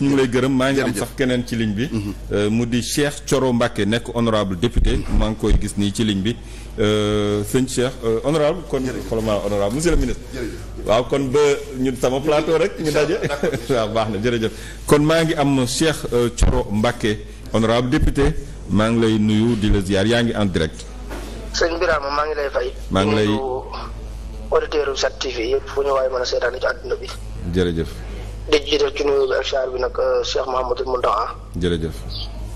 ñu ngi lay gërëm maa ngi am sax keneen ci ligne bi. Mhm. Euh, mu di Cheikh coro Mbacké nekk honorable député. Mhm. maa ngi koy gis nii ci ligne bi euh, sëñ Cheikh euh, honorable kon xoolal maa waaw kon ñun sama plateau ñu daje. baax na jërëjëf. kon maa ngi am Cheikh Thioro Mbacké honorable député maa ngi lay nuyu di la ziar yaa ngi en direct. sëñ Birama maa ngi lay fay. maa ngi lay auditeur 7TV yëpp fu ñu waay mën a seetaan ci àdduna jërëjëf. di jiital ci nuyu bi ak saar bi nag euh, Cheikh Mouhamadul Mountakha. jërëjëf.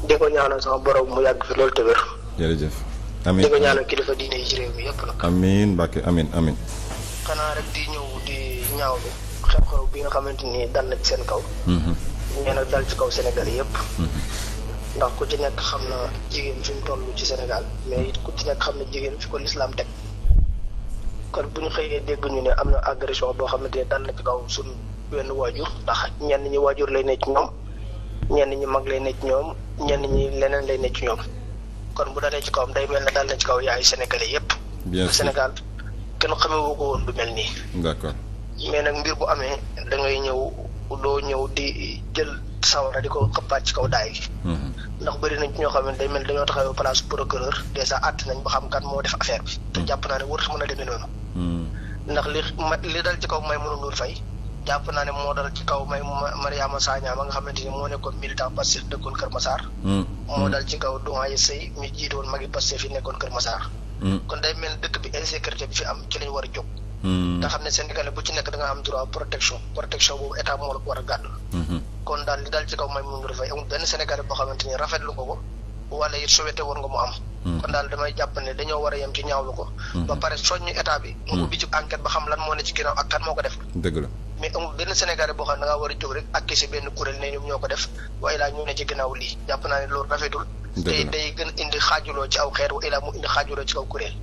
di ko ñaanal sax borom mu yàgg fi loolu te wér. jërëjëf. amiin di ko ñaanal kilifa diine yi ci réew mi yëpp nag. amiin Mbacke amiin amiin. xanaa rek di ñëw di ñaaw bi xew-xew bi nga xamante ni dal na ci seen kaw. Mhm. nee na dal ci kaw Sénégal yëpp. Mhm. ndax ku ci nekk xam na jigéen fi mu ci Sénégal mais ku ci nekk xam na jigéen fi ko lislaam teg kon bu ñu xëyee dégg ñu ne am na agression boo xamante ne dal na ci kaw suñu. wenn waajur ndax ñenn ñi waajur lay ne ci ñoom ñenn ñi mag lay ne ci ñoom ñenn ñi leneen lay ne ci ñoom kon bu dalee ci kawam day mel ne daal ci kaw yaay sénégalais yépp bien sûr Sénégal kenn xamewoo ko woon du mel nii. mais nag mbir bu amee da ngay doo ñëw di jël sawara di ko xëppaat ci kaw daay gi. Mhm. ndax bëri nañ ci ñoo xam ne mel dañoo taxawee place procureur dèjà àtt nañ ba xam kan moo def affaire bi. Mhm. te jàpp naa ne warut mën a demee noonu. Mhm. ndax li ma li dal ci kaw may mënul fay. jàpp naa ne moo dal ci kaw may Mariama Sagna a nga xamante ni moo nekkoon militant Pastef dëkkoon Kër Massar. Hmm. moo hmm. dal ci kaw doyen Sey mi jiite woon magi Pastef yi nekkoon Kër Massar. Hmm. kon dëkk bi insécurité bi fi am ci war a jóg. nga xam ne Sénégalais bu ci nekk da nga am droit protection protection boobu état war a gàddu. kon daal li daal ci kaw may mu ngi fay benn Sénégalais boo xamante ni rafetlu ko ko wala it souhaité woon nga mu am. kon daal damay jàpp ne dañoo war a yem ci ñaawlu ko. ba pare soññu état bi. mu ubbi ci enquête ba xam lan moo ne ci ginnaaw ak kan moo ko def. la. mais amul benn Sénégalais boo xam ne da war a jóg rek ak kese benn kuréel ne ñoo ko def waaye laa ñu ne ci ginnaaw lii jàpp naa ne loolu rafetul. te day gën indi xaajaloo ci aw xeer wa ilaa mu indi xaajaloo ci kaw kuréel.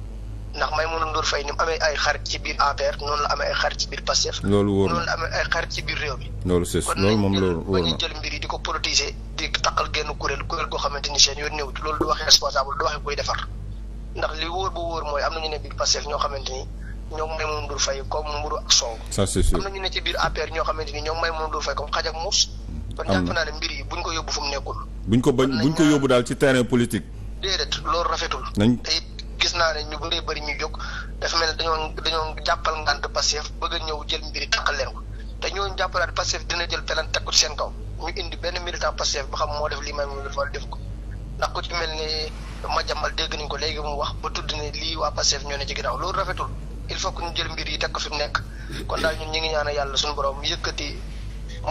ndax may Ndour Faye ni mu amee ay xarit ci biir APR noonu la amee ay xarit ci biir Pastef. loolu wóor na noonu la amee ay xarit ci biir réew mi. loolu c'est loolu moom loolu wóor na kon ñu jël mbir di ko politiser di taqal genn kuréel kuréel goo xamante ni seen yoon néew loolu du waxee responsable du waxee koy defar ndax li wóor bu wóor mooy am nañu ne biir Pastef ñoo xamante ni ñoom Maimouna Ndour Faye comme mburu ak soow. ça c'est na ñu ne ci biir APR ñoo xamante ni ñoom Maimouna Ndour Faye comme xaj muus. kon jàpp naa ne mbir yi buñ ko yóbbu fu mu nekkul. buñ ko bañ buñ ko yóbbu daal ci terrain politique. déedéet loolu rafetul. nañ te gis naa ne ñu bëree bëri ñu jóg dafa mel ne dañoo dañoo jàppal ngànt Pastef bëgg ñëw jël mbiri tàqal leen ko te ñooñu jàppalaat Pastef dina jël pelan teg ko seen kaw benn militant Pastef ba xam moo def lii Maimouna Ndour ko ndax ku ci mel ne ma jàmbal dégg nañ ko léegi mu wax ba tudd ne lii waa Pastef ñoo ne ci ginnaaw loolu rafetul il faut que ñu jël mbir yi teg ko fi nekk kon daal ñun ñu ngi ñaanal yàlla suñu borom yëkkati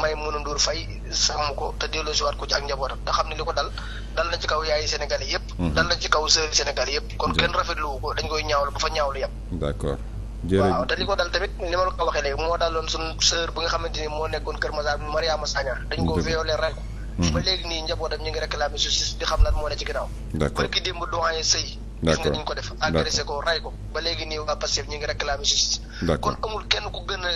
may mën a nduur fay sàmm ko te delloosiwaat ko ci ak njabootam te xam ne li ko dal dal na ci kaw yaayi Sénégal yëpp. Mhm. dal na ci kaw sëriñ Sénégal yëpp. kon kenn rafetlu ko dañ koy ñaawlu ba fa ñaawlu yem. d'accord ko dal tamit ni ma la ko waxee léegi moo daloon suñu nga xamante ni moo nekkoon Kër Massar Mariama Sagna dañ ko violé rek. Mhm. ba léegi nii njabootam ñu ngi réclamé justice di xam lan moo ne ci ginnaaw. d'accord barki démb doyen sëy d'accord ñu ko def agressé ko ray ko ba léegi nii waa Pastef ñu ngi réclamer justice kon amul kenn ku gën a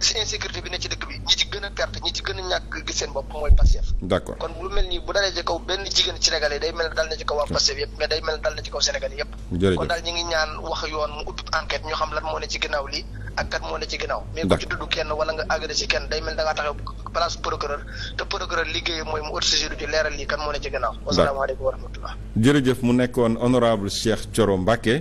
si insécurité bi ne ci dëkk bi ñi ci gën a perte ñi ci gën a ñàkk gis seen bopp mooy Pastef d'accord kon lu mel nii bu dalee ci kaw benn jigéen Sénégal yi day mel ne dal na ci kaw waa Pastef yëpp mais day mel ne dal na ci kaw Sénégal yi kon daal ñu ngi ñaan wax yoon mu ubbi enquête ñu xam lan moo ne ci ginnaaw lii ak kat moo ne ci ginnaaw mais ku ci dudd kenn wala nga àggale ci kenn day mel da ngaa taxaw place procureur te procureur liggéey mooy mu autosaisir ci leeral lii kan moo ne ci ginnaaw wasalaamaaleykum wa rahmatullah jërëjëf mu nekkoon honorable Cheikh Thioro Mbacké